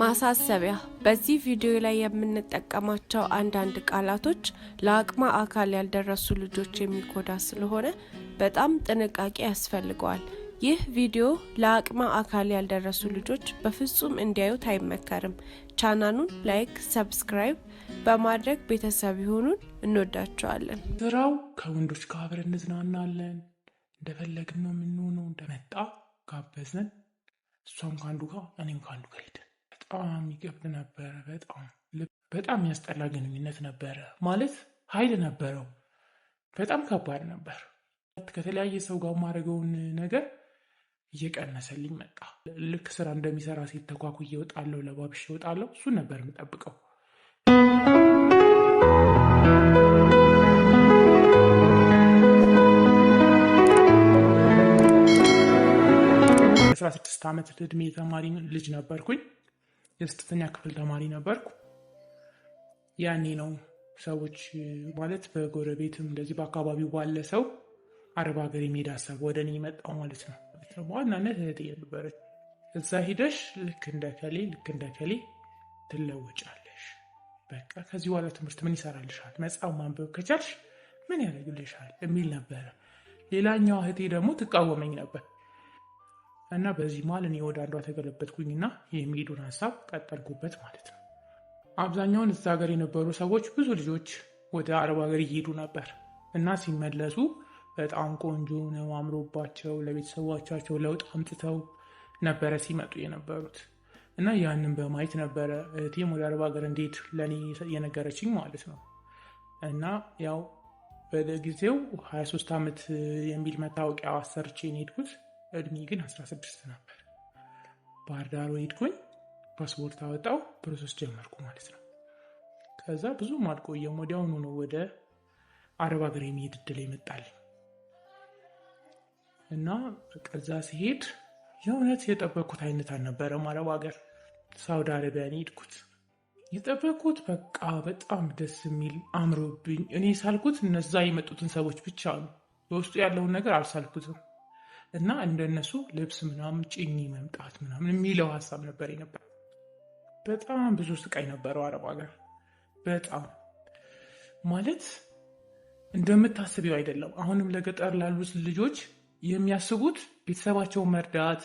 ማሳሰቢያ በዚህ ቪዲዮ ላይ የምንጠቀማቸው አንዳንድ ቃላቶች ለአቅመ አካል ያልደረሱ ልጆች የሚጎዳ ስለሆነ በጣም ጥንቃቄ ያስፈልገዋል። ይህ ቪዲዮ ለአቅመ አካል ያልደረሱ ልጆች በፍጹም እንዲያዩት አይመከርም። ቻናሉን ላይክ፣ ሰብስክራይብ በማድረግ ቤተሰብ ይሁኑን። እንወዳቸዋለን። ስራው ከወንዶች ጋር አብረን እንዝናናለን። እንደፈለግን ነው የምንሆነው። እንደመጣ ጋበዝነን፣ እሷም ከአንዱ ጋር እኔም ከአንዱ ጋር ሄደን በጣም ይገብ ነበረ። በጣም በጣም ያስጠላ ግንኙነት ነበረ። ማለት ኃይል ነበረው። በጣም ከባድ ነበር። ከተለያየ ሰው ጋር ማድረገውን ነገር እየቀነሰልኝ መጣ። ልክ ስራ እንደሚሰራ ሴት ተኳኩ እየወጣለሁ፣ ለባብሽ እወጣለሁ። እሱን ነበር የምጠብቀው። አስራ ስድስት ዓመት እድሜ የተማሪ ልጅ ነበርኩኝ። የስድስተኛ ክፍል ተማሪ ነበርኩ። ያኔ ነው ሰዎች ማለት በጎረቤትም እንደዚህ በአካባቢው ባለ ሰው አረብ ሀገር የሚሄድ ሀሳብ ወደ እኔ መጣው ማለት ነው። በዋናነት እህቴ ነበረች። እዛ ሂደሽ ልክ እንደ ከሌ ልክ እንደ ከሌ ትለወጫለሽ። በቃ ከዚህ በኋላ ትምህርት ምን ይሰራልሻል? መጽሐፍ ማንበብ ከቻልሽ ምን ያደርግልሻል? የሚል ነበረ። ሌላኛዋ እህቴ ደግሞ ትቃወመኝ ነበር። እና በዚህ መሀል እኔ ወደ አንዷ ተገለበጥኩኝና የሚሄዱን ሀሳብ ቀጠልኩበት ማለት ነው። አብዛኛውን እዛ ሀገር የነበሩ ሰዎች ብዙ ልጆች ወደ አረብ ሀገር እየሄዱ ነበር እና ሲመለሱ በጣም ቆንጆ ነው አምሮባቸው ለቤተሰቦቻቸው ለውጥ አምጥተው ነበረ ሲመጡ የነበሩት እና ያንን በማየት ነበረ እህቴም ወደ አረብ ሀገር እንዴት ለእኔ የነገረችኝ ማለት ነው። እና ያው በጊዜው 23 ዓመት የሚል መታወቂያ አሰርቼ ሄድኩት። እድሜ ግን 16 ነበር። ባህር ዳር ሄድኩኝ፣ ፓስፖርት አወጣው፣ ፕሮሰስ ጀመርኩ ማለት ነው። ከዛ ብዙም አልቆየም፣ ወዲያውኑ ነው ወደ አረብ ሀገር የሚሄድ እድል ይመጣልኝ እና ከዛ ሲሄድ የእውነት የጠበኩት አይነት አልነበረም። አረብ ሀገር ሳውዲ አረቢያን ሄድኩት የጠበኩት በቃ በጣም ደስ የሚል አምሮብኝ እኔ ሳልኩት እነዛ የመጡትን ሰዎች ብቻ ነው። በውስጡ ያለውን ነገር አልሳልኩትም። እና እንደነሱ ልብስ ምናምን ጭኝ መምጣት ምናምን የሚለው ሀሳብ ነበር ነበር። በጣም ብዙ ስቃይ ነበረው አረብ ሀገር። በጣም ማለት እንደምታስቢው አይደለም። አሁንም ለገጠር ላሉት ልጆች የሚያስቡት ቤተሰባቸውን መርዳት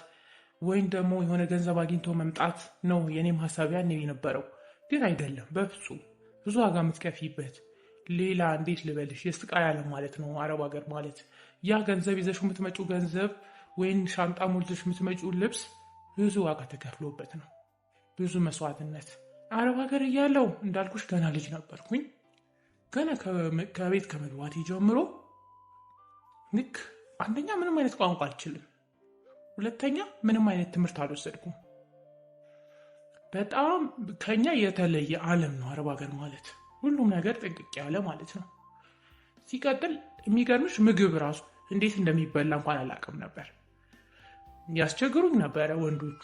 ወይም ደግሞ የሆነ ገንዘብ አግኝቶ መምጣት ነው። የኔም ሀሳብ ያን የነበረው ግን አይደለም በፍጹም ብዙ ዋጋ የምትከፊበት ሌላ እንዴት ልበልሽ የስቃይ ዓለም ማለት ነው አረብ ሀገር ማለት ያ ገንዘብ ይዘሽ የምትመጪው ገንዘብ ወይም ሻንጣ ሞልተሽ የምትመጪው ልብስ ብዙ ዋጋ ተከፍሎበት ነው። ብዙ መስዋዕትነት። አረብ ሀገር እያለው እንዳልኩሽ ገና ልጅ ነበርኩኝ። ገና ከቤት ከመግባቴ ጀምሮ ልክ አንደኛ ምንም አይነት ቋንቋ አልችልም፣ ሁለተኛ ምንም አይነት ትምህርት አልወሰድኩም። በጣም ከኛ የተለየ ዓለም ነው አረብ ሀገር ማለት ሁሉም ነገር ጥንቅቅ ያለ ማለት ነው። ሲቀጥል የሚገርምሽ ምግብ ራሱ እንዴት እንደሚበላ እንኳን አላውቅም ነበር። ያስቸግሩኝ ነበረ ወንዶቹ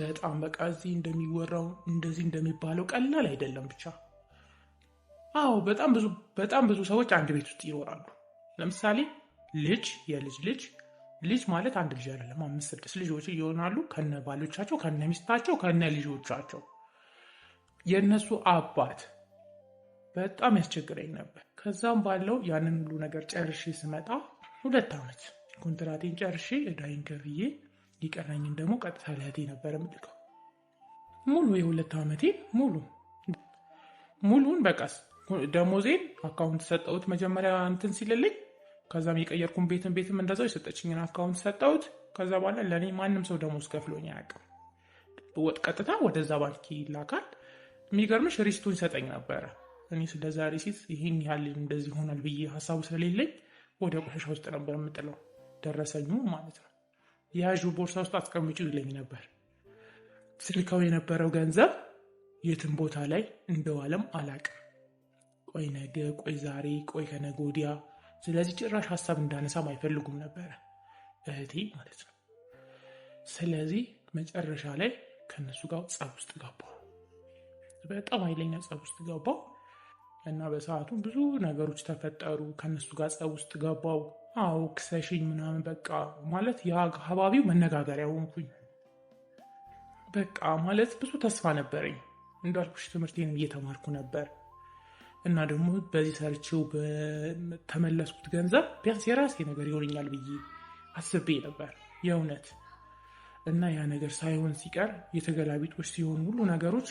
በጣም በቃ እዚህ እንደሚወራው እንደዚህ እንደሚባለው ቀላል አይደለም። ብቻ አዎ፣ በጣም ብዙ በጣም ብዙ ሰዎች አንድ ቤት ውስጥ ይኖራሉ። ለምሳሌ ልጅ፣ የልጅ ልጅ። ልጅ ማለት አንድ ልጅ አይደለም፣ አምስት ስድስት ልጆች ይሆናሉ ከነ ባሎቻቸው፣ ከነ ሚስታቸው፣ ከነ ልጆቻቸው። የእነሱ አባት በጣም ያስቸግረኝ ነበር። ከዛም ባለው ያንን ሁሉ ነገር ጨርሼ ስመጣ ሁለት ዓመት ኮንትራቴን ጨርሼ እዳይን ከፍዬ ሊቀረኝን ደግሞ ቀጥታ ለእህቴ ነበረ የምልከው። ሙሉ የሁለት ዓመቴ ሙሉ ሙሉን በቃ ደሞዜን አካውንት ሰጠሁት። መጀመሪያ እንትን ሲልልኝ ከዛም የቀየርኩን ቤትን ቤትም እንደዛው የሰጠችኝን አካውንት ሰጠሁት። ከዛ በኋላ ለእኔ ማንም ሰው ደሞዝ ከፍሎኝ አያውቅም። ቀጥታ ወደዛ ባንክ ይላካል። የሚገርምሽ ሪስቱን ይሰጠኝ ነበረ እኔ ስለዛሬ ሴት ይህን ያህል እንደዚህ ይሆናል ብዬ ሀሳቡ ስለሌለኝ ወደ ቆሻሻ ውስጥ ነበር የምጥለው፣ ደረሰኙ ማለት ነው። የያዥ ቦርሳ ውስጥ አስቀምጩ ይለኝ ነበር። ስልካው የነበረው ገንዘብ የትም ቦታ ላይ እንደዋለም አላቅም። ቆይ ነገ፣ ቆይ ዛሬ፣ ቆይ ከነገ ወዲያ። ስለዚህ ጭራሽ ሀሳብ እንዳነሳም አይፈልጉም ነበረ እህቴ ማለት ነው። ስለዚህ መጨረሻ ላይ ከእነሱ ጋር ጸብ ውስጥ ገባሁ። በጣም ኃይለኛ ጸብ ውስጥ ገባሁ። እና በሰዓቱ ብዙ ነገሮች ተፈጠሩ። ከነሱ ጋር ጸብ ውስጥ ገባው። አዎ ክሰሽኝ ምናምን በቃ ማለት የአካባቢው መነጋገሪያ ሆንኩኝ። በቃ ማለት ብዙ ተስፋ ነበረኝ። እንዳልኩሽ ትምህርቴንም እየተማርኩ ነበር እና ደግሞ በዚህ ሰርቼው በተመለስኩት ገንዘብ ቢያንስ የራሴ ነገር ይሆንኛል ብዬ አስቤ ነበር የእውነት እና ያ ነገር ሳይሆን ሲቀር የተገላቢጦች ሲሆን ሁሉ ነገሮች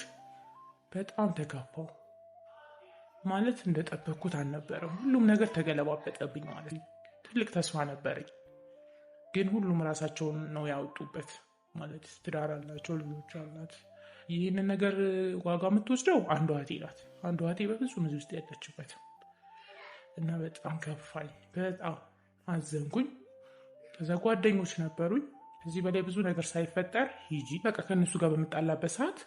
በጣም ተከፋው። ማለት እንደጠበኩት አልነበረም። ሁሉም ነገር ተገለባበጠብኝ ማለት ነው። ትልቅ ተስፋ ነበረኝ፣ ግን ሁሉም ራሳቸውን ነው ያወጡበት። ማለት ትዳር አላቸው፣ ልጆች አላት። ይህንን ነገር ዋጋ የምትወስደው አንዷ እህቴ ናት። አንዷ እህቴ በፍጹም እዚህ ውስጥ ያለችበት እና በጣም ከፋኝ፣ በጣም አዘንኩኝ። ከዛ ጓደኞች ነበሩኝ። ከዚህ በላይ ብዙ ነገር ሳይፈጠር ሂጂ በቃ ከእነሱ ጋር በምጣላበት ሰዓት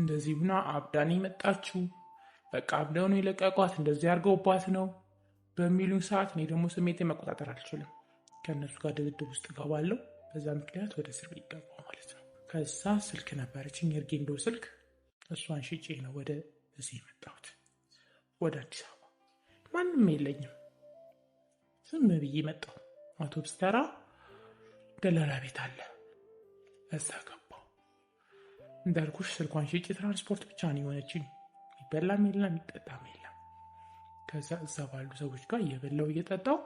እንደዚህ ሁና አብዳኔ መጣችው በቃ አብደውን የለቀቋት እንደዚህ አድርገውባት ነው በሚሉኝ ሰዓት እኔ ደግሞ ስሜቴ መቆጣጠር አልችልም። ከእነሱ ጋር ድብድብ ውስጥ ገባለሁ። በዛ ምክንያት ወደ እስር ቤት ገባሁ ማለት ነው። ከዛ ስልክ ነበረችኝ የእርጌንዶ ስልክ፣ እሷን ሽጬ ነው ወደ እዚህ የመጣሁት ወደ አዲስ አበባ። ማንም የለኝም፣ ዝም ብዬ መጣሁ። አውቶብስ ተራ ደላላ ቤት አለ፣ እዛ ገባሁ። እንዳልኩሽ ስልኳን ሽጬ ትራንስፖርት ብቻ ነው የሆነችኝ። የሚበላም የለም የሚጠጣም የለም። ከዛ እዛ ባሉ ሰዎች ጋር እየበላው እየጠጣው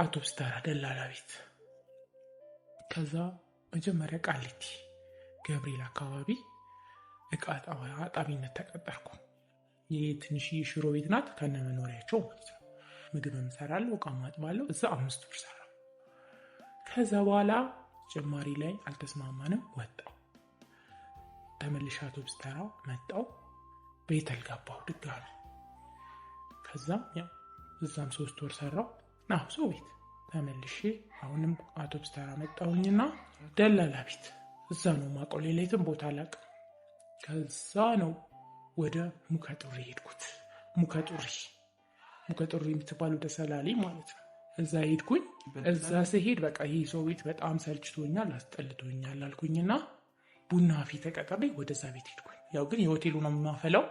አውቶብስ ተራ ደላላ ቤት፣ ከዛ መጀመሪያ ቃሊቲ ገብርኤል አካባቢ እቃ አጣቢነት ተቀጠርኩ። ይህ ትንሽዬ ሽሮ ቤት ናት ከነ መኖሪያቸው ማለት ነው። ምግብ ሰራለሁ፣ እቃ ማጥባለሁ። እዛ አምስት ብር ሰራ። ከዛ በኋላ ጭማሪ ላይ አልተስማማንም፣ ወጣው ተመልሼ አውቶብስ ተራ መጣው። ቤተል ገባሁ ድጋሚ። ከዛም ያው እዛም ሶስት ወር ሰራው ናሁ ሰው ቤት ተመልሼ አሁንም አውቶብስ ተራ መጣሁኝና ደላላ ቤት እዛ ነው ማውቀው፣ ሌላ ቦታ ላቅ ከዛ ነው ወደ ሙከጡሪ ሄድኩት። ሙከጡሪ ሙከጡሪ የምትባል ወደ ሰላሌ ማለት ነው። እዛ ሄድኩኝ። እዛ ስሄድ በቃ ይህ ሰው ቤት በጣም ሰልችቶኛል፣ አስጠልቶኛል አልኩኝና ቡና ፊት ተቀጥሬ ወደዛ ቤት ሄድኩኝ። ያው ግን የሆቴሉ ነው የማፈላው።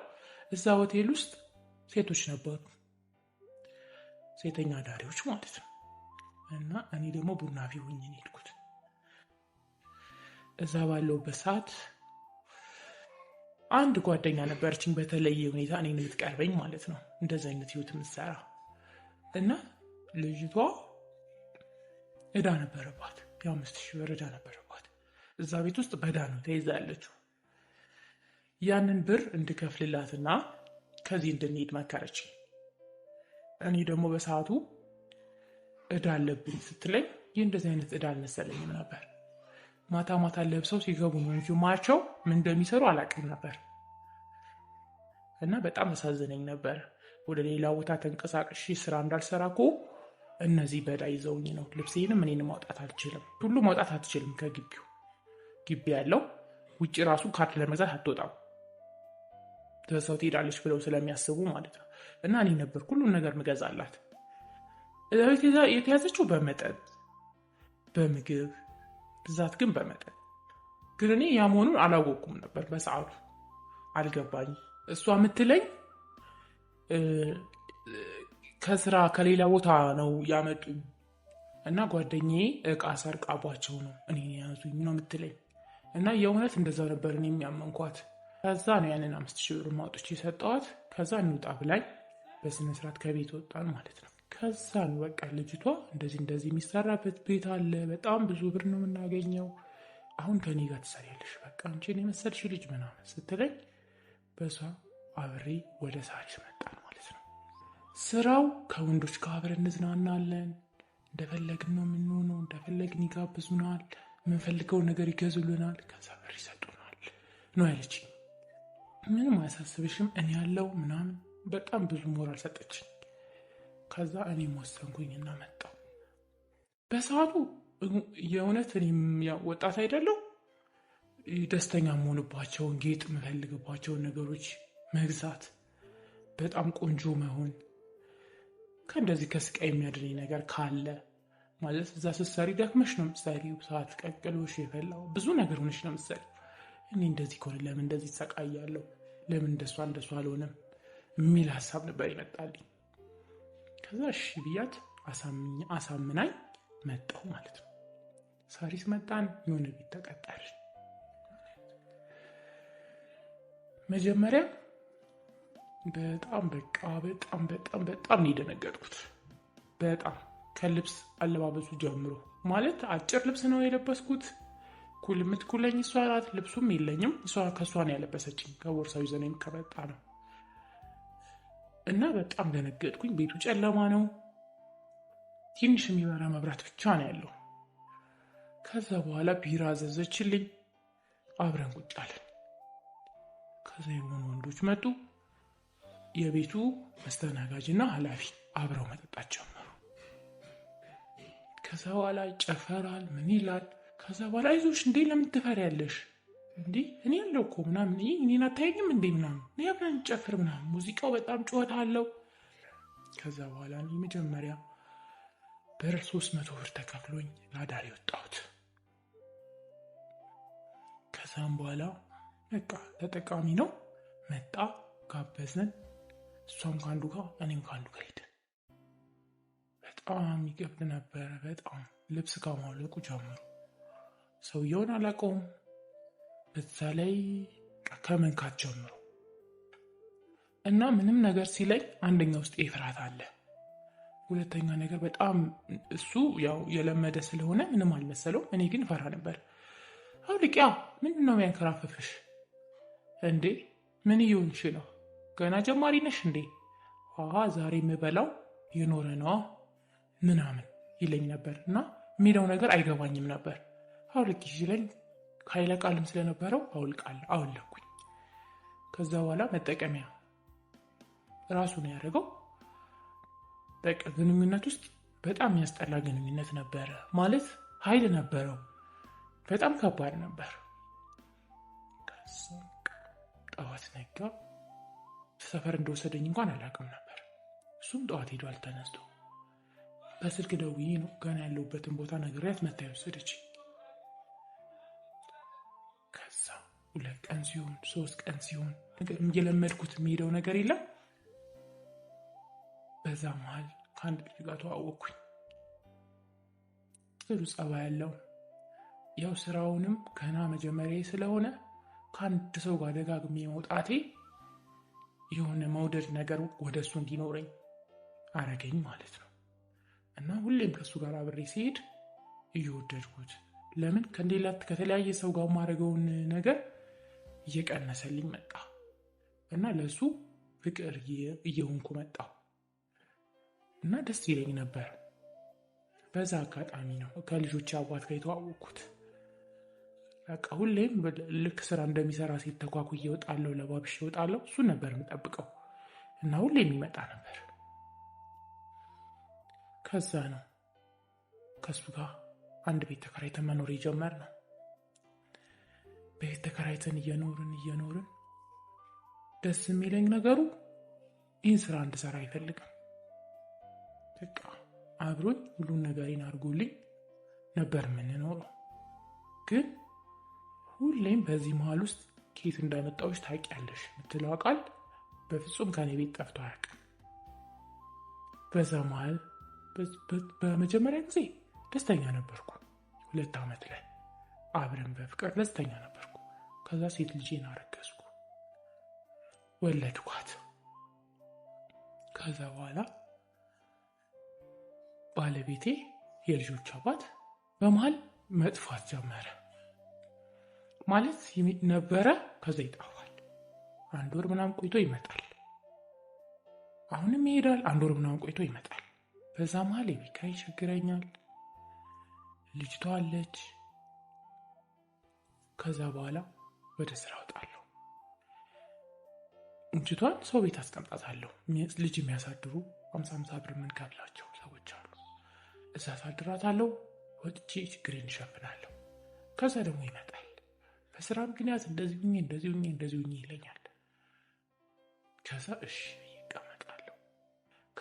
እዛ ሆቴል ውስጥ ሴቶች ነበሩ፣ ሴተኛ አዳሪዎች ማለት ነው። እና እኔ ደግሞ ቡና ቢሆኝ ሆኜ እዛ ባለውበት ሰዓት አንድ ጓደኛ ነበረችኝ፣ በተለየ ሁኔታ እኔ የምትቀርበኝ ማለት ነው፣ እንደዚ አይነት ህይወት የምትሰራ እና ልጅቷ እዳ ነበረባት፣ የአምስት ሺህ ብር እዳ ነበረባት። እዛ ቤት ውስጥ በዳ ነው ተይዛ ያለችው። ያንን ብር እንድከፍልላትና ከዚህ እንድንሄድ መከረች። እኔ ደግሞ በሰዓቱ እዳ አለብኝ ስትለኝ ይህ እንደዚህ አይነት እዳ አልመሰለኝም ነበር። ማታ ማታ ለብሰው ሲገቡ ነው እንጂ ማቸው ምን እንደሚሰሩ አላውቅም ነበር እና በጣም አሳዝነኝ ነበር። ወደ ሌላ ቦታ ተንቀሳቀሽ ስራ እንዳልሰራ እኮ እነዚህ በዳ ይዘውኝ ነው። ልብሴንም እኔን ማውጣት አልችልም፣ ሁሉ ማውጣት አትችልም። ከግቢው ግቢ ያለው ውጭ ራሱ ካርድ ለመግዛት አትወጣም። ሰው ትሄዳለች ብለው ስለሚያስቡ ማለት ነው። እና እኔ ነበር ሁሉን ነገር ምገዛላት። የተያዘችው በመጠጥ በምግብ ብዛት ግን በመጠጥ ግን እኔ ያ መሆኑን አላወቅኩም ነበር በሰዓቱ አልገባኝ። እሷ የምትለኝ ከስራ ከሌላ ቦታ ነው ያመጡኝ እና ጓደኛዬ እቃ ሰርቃባቸው ነው እኔ የያዙኝ ነው የምትለኝ። እና የእውነት እንደዛ ነበር እኔ የሚያመንኳት። ከዛ ነው ያንን አምስት ሺህ ብር ማውጦች የሰጠዋት። ከዛ እንውጣ ብላኝ በስነስርዓት ከቤት ወጣን ማለት ነው። ከዛ ነው በቃ ልጅቷ እንደዚህ እንደዚህ የሚሰራበት ቤት አለ፣ በጣም ብዙ ብር ነው የምናገኘው። አሁን ከኔ ጋር ትሰሪያለሽ፣ በቃ አንቺን የመሰልሽ ልጅ ምናምን ስትለኝ በሷ አብሬ ወደ ሳሪስ መጣን ማለት ነው። ስራው ከወንዶች ጋር አብረን እንዝናናለን፣ እንደፈለግን ነው የምንሆነው፣ እንደፈለግን ይጋብዙናል፣ የምንፈልገው ነገር ይገዙልናል፣ ከዛ ብር ይሰጡናል ነው ያለችኝ። ምንም አያሳስብሽም እኔ ያለው ምናምን በጣም ብዙ ሞራል ሰጠችኝ። ከዛ እኔ እኔም እና መጣሁ። በሰዓቱ የእውነት ወጣት አይደለው ደስተኛ መሆንባቸውን ጌጥ የምፈልግባቸውን ነገሮች መግዛት፣ በጣም ቆንጆ መሆን ከእንደዚህ ከስቃይ የሚያድነኝ ነገር ካለ ማለት እዛ ስትሰሪ ደክመሽ ነው የምትሰሪው። ሰዓት ቀቅሎሽ የፈላው ብዙ ነገር ሆነሽ ነው የምትሰሪው። እኔ እንደዚህ ከሆነ ለምን እንደዚህ ይሰቃያለሁ? ለምን እንደሷ እንደሷ አልሆነም የሚል ሀሳብ ነበር ይመጣልኝ። ከዛ እሺ ብያት አሳምናኝ መጣሁ ማለት ነው። ሳሪስ መጣን፣ የሆነ ቤት ተቀጠር። መጀመሪያ በጣም በቃ በጣም በጣም በጣም ነው የደነገጥኩት። በጣም ከልብስ አለባበሱ ጀምሮ ማለት አጭር ልብስ ነው የለበስኩት ኩል የምትኩለኝ እሷ ናት። ልብሱም የለኝም እሷ ከእሷን ያለበሰችኝ ከቦርሳው ይዘነኝ ከመጣ ነው እና በጣም ደነገጥኩኝ። ቤቱ ጨለማ ነው። ትንሽ የሚበራ መብራት ብቻ ነው ያለው። ከዛ በኋላ ቢራ አዘዘችልኝ። አብረን ቁጭ አለን። ከዛ የሆኑ ወንዶች መጡ። የቤቱ መስተናጋጅና ኃላፊ አብረው መጠጣት ጀመሩ። ከዛ በኋላ ይጨፈራል። ምን ይላል ከዛ በኋላ አይዞሽ እንዴ ለምን ትፈሪያለሽ እንዴ እኔ ያለው እኮ ምናምን እኔን አታየኝም እንዴ ምናምን እኔ አብረን ጨፍር ምናምን ሙዚቃው በጣም ጩኸት አለው። ከዛ በኋላ እኔ መጀመሪያ ብር ሶስት መቶ ብር ተከፍሎኝ ለአዳሪ ወጣሁት። ከዛም በኋላ በቃ ተጠቃሚ ነው መጣ፣ ጋበዘን። እሷም ከአንዱ ጋር እኔም ከአንዱ ጋር ሄደ በጣም ይገብድ ነበረ። በጣም ልብስ ከማውለቁ ጀምሮ ሰውየውን አላውቀውም። በዛ ላይ ከመንካት ጀምሮ እና ምንም ነገር ሲለኝ አንደኛ ውስጥ ፍርሃት አለ። ሁለተኛ ነገር በጣም እሱ ያው የለመደ ስለሆነ ምንም አልመሰለውም። እኔ ግን ፈራ ነበር። አውልቅ ልቅያ ምንድን ነው ያንከራፈፍሽ እንዴ? ምን እየሆንሽ ነው? ገና ጀማሪ ነሽ እንዴ? አሀ ዛሬ የምበላው የኖረ ነዋ ምናምን ይለኝ ነበር እና የሚለው ነገር አይገባኝም ነበር። አውልቅ ይችላል ኃይለ ቃልም ስለነበረው አውልቃለሁ አወለኩኝ። ከዛ በኋላ መጠቀሚያ ራሱ ነው ያደረገው። በቃ ግንኙነት ውስጥ በጣም የሚያስጠላ ግንኙነት ነበረ። ማለት ኃይል ነበረው፣ በጣም ከባድ ነበር። ጠዋት ነጋ። ሰፈር እንደወሰደኝ እንኳን አላውቅም ነበር። እሱም ጠዋት ሄዷል ተነስቶ። በስልክ ደውዬ ነው ገና ያለሁበትን ቦታ ነግሬያት መታ የወሰደችኝ ሁለት ቀን ሲሆን ሶስት ቀን ሲሆን እየለመድኩት የሚሄደው ነገር የለም። በዛ መሀል ከአንድ ልጅ ጋር ተዋወቅኩኝ። ጥሩ ጸባይ ያለው ያው ስራውንም ገና መጀመሪያ ስለሆነ ከአንድ ሰው ጋር ደጋግሜ መውጣቴ የሆነ መውደድ ነገር ወደ እሱ እንዲኖረኝ አረገኝ ማለት ነው። እና ሁሌም ከእሱ ጋር አብሬ ሲሄድ እየወደድኩት ለምን ከእንዴላት ከተለያየ ሰው ጋር የማደርገውን ነገር እየቀነሰልኝ መጣ እና ለሱ ፍቅር እየሆንኩ መጣ እና ደስ ይለኝ ነበር። በዛ አጋጣሚ ነው ከልጆች አባት ጋር የተዋወቅኩት። በቃ ሁሌም ልክ ስራ እንደሚሰራ ሴት ተኳኩዬ እየወጣለሁ፣ ለባብሽ እወጣለሁ። እሱ ነበር የምጠብቀው እና ሁሌም ይመጣ ነበር። ከዛ ነው ከእሱ ጋር አንድ ቤት ተከራይተን መኖር የጀመርነው። ቤት ተከራይተን እየኖርን እየኖርን ደስ የሚለኝ ነገሩ ይህን ስራ እንድሰራ አይፈልግም። በቃ አብሮኝ ሁሉን ነገሬን አድርጎልኝ ነበር የምንኖረው። ግን ሁሌም በዚህ መሀል ውስጥ ኬት እንዳመጣዎች ታውቂያለሽ የምትለው ቃል በፍጹም ከኔ ቤት ጠፍቶ አያውቅም። በዛ መሀል በመጀመሪያ ጊዜ ደስተኛ ነበርኩ ሁለት ዓመት ላይ አብረን በፍቅር ደስተኛ ነበርኩ። ከዛ ሴት ልጄን አረገዝኩ፣ ወለድኳት። ከዛ በኋላ ባለቤቴ የልጆች አባት በመሀል መጥፋት ጀመረ። ማለት ነበረ፣ ከዛ ይጠፋል። አንድ ወር ምናምን ቆይቶ ይመጣል። አሁንም ይሄዳል። አንድ ወር ምናምን ቆይቶ ይመጣል። በዛ መሀል የቤካ ይቸግረኛል። ልጅቷ አለች። ከዛ በኋላ ወደ ስራ እወጣለሁ። እንጅቷን ሰው ቤት አስቀምጣታለሁ። ልጅ የሚያሳድሩ ሀምሳ ሀምሳ ብር የምንከፍላቸው ሰዎች አሉ። እዛ አሳድራታለሁ። ወጥቼ ችግሬን እሸፍናለሁ። ከዛ ደግሞ ይመጣል። በስራ ምክንያት እንደዚህ ሁኜ እንደዚህ ሁኜ እንደዚህ ሁኜ ይለኛል። ከዛ እሺ ይቀመጣለሁ።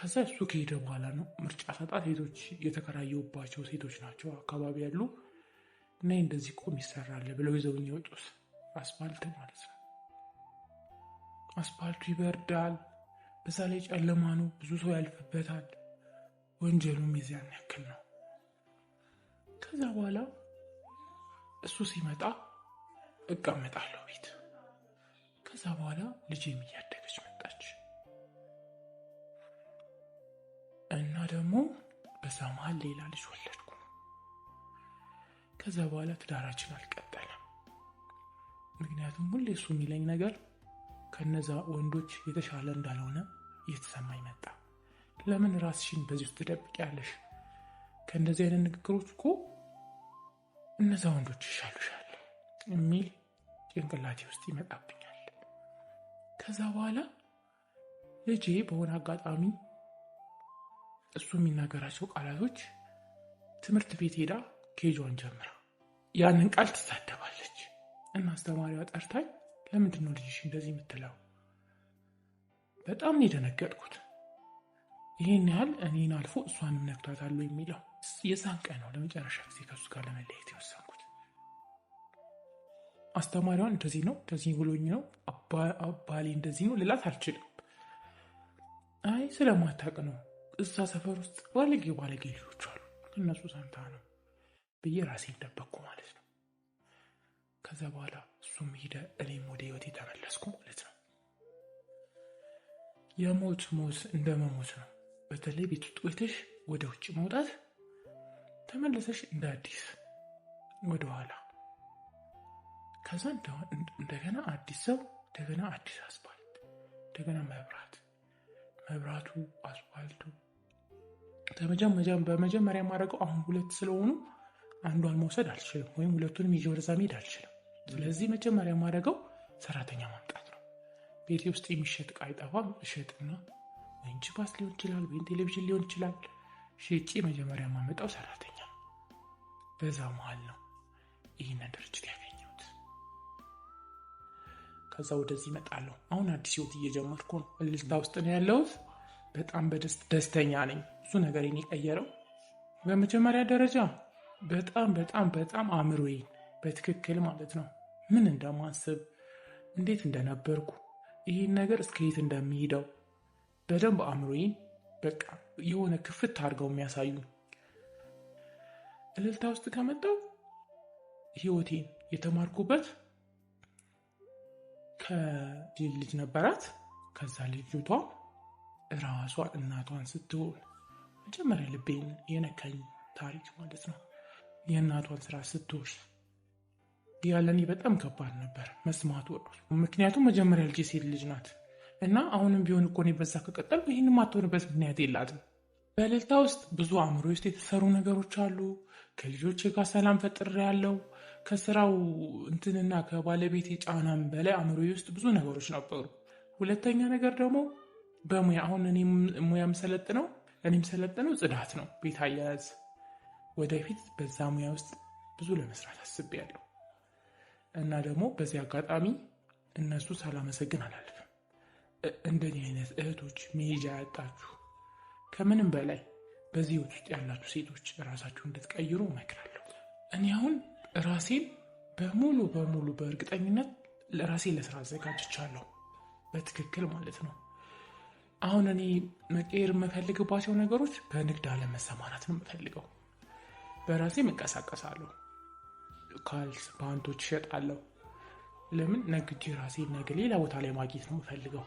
ከዛ እሱ ከሄደ በኋላ ነው ምርጫ ሰጣ ሴቶች የተከራየሁባቸው ሴቶች ናቸው አካባቢ ያሉ እና እንደዚህ ቆም ይሰራል ብለው ይዘውኝ የወጡት አስፋልት ማለት ነው። አስፋልቱ ይበርዳል። በዛ ላይ ጨለማ ነው፣ ብዙ ሰው ያልፍበታል። ወንጀሉም የዚያን ያክል ነው። ከዛ በኋላ እሱ ሲመጣ እቀመጣለሁ ቤት። ከዛ በኋላ ልጄም እያደገች መጣች እና ደግሞ በዛ መሀል ሌላ ልጅ ወለድኩ። ከዛ በኋላ ትዳራችን አልቀጠለም። ምክንያቱም ሁሌ እሱ የሚለኝ ነገር ከነዛ ወንዶች የተሻለ እንዳልሆነ እየተሰማኝ መጣ። ለምን ራስሽን በዚህ ውስጥ ትደብቂያለሽ? ከእንደዚህ አይነት ንግግሮች እኮ እነዛ ወንዶች ይሻሉሻል የሚል ጭንቅላቴ ውስጥ ይመጣብኛል። ከዛ በኋላ ልጄ በሆነ አጋጣሚ እሱ የሚናገራቸው ቃላቶች ትምህርት ቤት ሄዳ ኬጇን ጀምራ ያንን ቃል ትሳደባለች እና አስተማሪዋ ጠርታኝ ለምንድን ነው ልጅሽ እንደዚህ የምትለው? በጣም ነው የደነገጥኩት። ይህን ያህል እኔን አልፎ እሷን ነግቷታል የሚለው የዛን ቀን ነው ለመጨረሻ ጊዜ ከሱ ጋር ለመለየት የወሰንኩት። አስተማሪዋን እንደዚህ ነው እንደዚህ ብሎኝ ነው አባሌ እንደዚህ ነው ልላት አልችልም። አይ ስለማታውቅ ነው እዛ ሰፈር ውስጥ ባለጌ ባለጌ ልጆች አሉ እነሱ ሰምታ ነው ብዬ ራሴን ጠበቅኩ ማለት ነው። ከዛ በኋላ እሱም ሄደ፣ እኔም ወደ ህይወት የተመለስኩ ማለት ነው። የሞት ሞት እንደ መሞት ነው። በተለይ ቤት ውስጥ ቤትሽ ወደ ውጭ መውጣት ተመለሰሽ እንደ አዲስ ወደኋላ፣ ከዛ እንደገና አዲስ ሰው፣ እንደገና አዲስ አስፋልት፣ እንደገና መብራት፣ መብራቱ፣ አስፋልቱ በመጀመሪያ ማድረገው አሁን ሁለት ስለሆኑ አንዷን መውሰድ አልችልም፣ ወይም ሁለቱንም ይዤ ወደዛ መሄድ አልችልም። ስለዚህ መጀመሪያ የማደርገው ሰራተኛ ማምጣት ነው። ቤቴ ውስጥ የሚሸጥ ዕቃ አይጠፋም። እሸጥና ወይም ጅባስ ሊሆን ይችላል፣ ወይም ቴሌቪዥን ሊሆን ይችላል። ሽጭ መጀመሪያ የማመጣው ሰራተኛ ነው። በዛ መሀል ነው ይህንን ድርጅት ያገኘሁት። ከዛ ወደዚህ እመጣለሁ። አሁን አዲስ ህይወት እየጀመርኩ ነው። እልልታ ውስጥ ነው ያለሁት። በጣም በደስተኛ ነኝ። ብዙ ነገር የቀየረው በመጀመሪያ ደረጃ በጣም በጣም በጣም አእምሮዬን በትክክል ማለት ነው ምን እንደማስብ እንዴት እንደነበርኩ ይህን ነገር እስከየት እንደሚሄደው በደንብ አእምሮዬን በቃ የሆነ ክፍት አድርገው የሚያሳዩ እልልታ ውስጥ ከመጣው ህይወቴን የተማርኩበት ከልጅ ልጅ ነበራት። ከዛ ልጅቷ እራሷ እናቷን ስትሆን መጀመሪያ ልቤን የነካኝ ታሪክ ማለት ነው። የእናቷን ስራ ስትወርስ ያለኔ በጣም ከባድ ነበር መስማት ወዱ። ምክንያቱም መጀመሪያ ልጅ ሴት ልጅ ናት እና አሁንም ቢሆን እኮ እኔ በዛ ከቀጠል ይህን ማትሆንበት ምክንያት የላትም። በልልታ ውስጥ ብዙ አእምሮ ውስጥ የተሰሩ ነገሮች አሉ። ከልጆች ጋር ሰላም ፈጥር ያለው ከስራው እንትንና ከባለቤት የጫናም በላይ አእምሮ ውስጥ ብዙ ነገሮች ነበሩ። ሁለተኛ ነገር ደግሞ በሙያ አሁን እኔ ሙያ የምሰለጥነው እኔ የምሰለጥነው ጽዳት ነው፣ ቤት አያያዝ ወደፊት በዛ ሙያ ውስጥ ብዙ ለመስራት አስቤያለሁ እና ደግሞ በዚህ አጋጣሚ እነሱ ሳላመሰግን አላልፍም። እንደዚህ አይነት እህቶች መሄጃ ያጣችሁ፣ ከምንም በላይ በዚህ ህይወት ውስጥ ያላችሁ ሴቶች ራሳችሁ እንድትቀይሩ እመክራለሁ። እኔ አሁን ራሴን በሙሉ በሙሉ በእርግጠኝነት ራሴን ለስራ አዘጋጅቻለሁ፣ በትክክል ማለት ነው። አሁን እኔ መቀየር የምፈልግባቸው ነገሮች በንግድ አለመሰማራት ነው የምፈልገው በራሴ እንቀሳቀሳለሁ። ካልስ ፓንቶች እሸጣለሁ። ለምን ነግጄ ራሴ ነገ ሌላ ቦታ ላይ ማግኘት ነው የምፈልገው።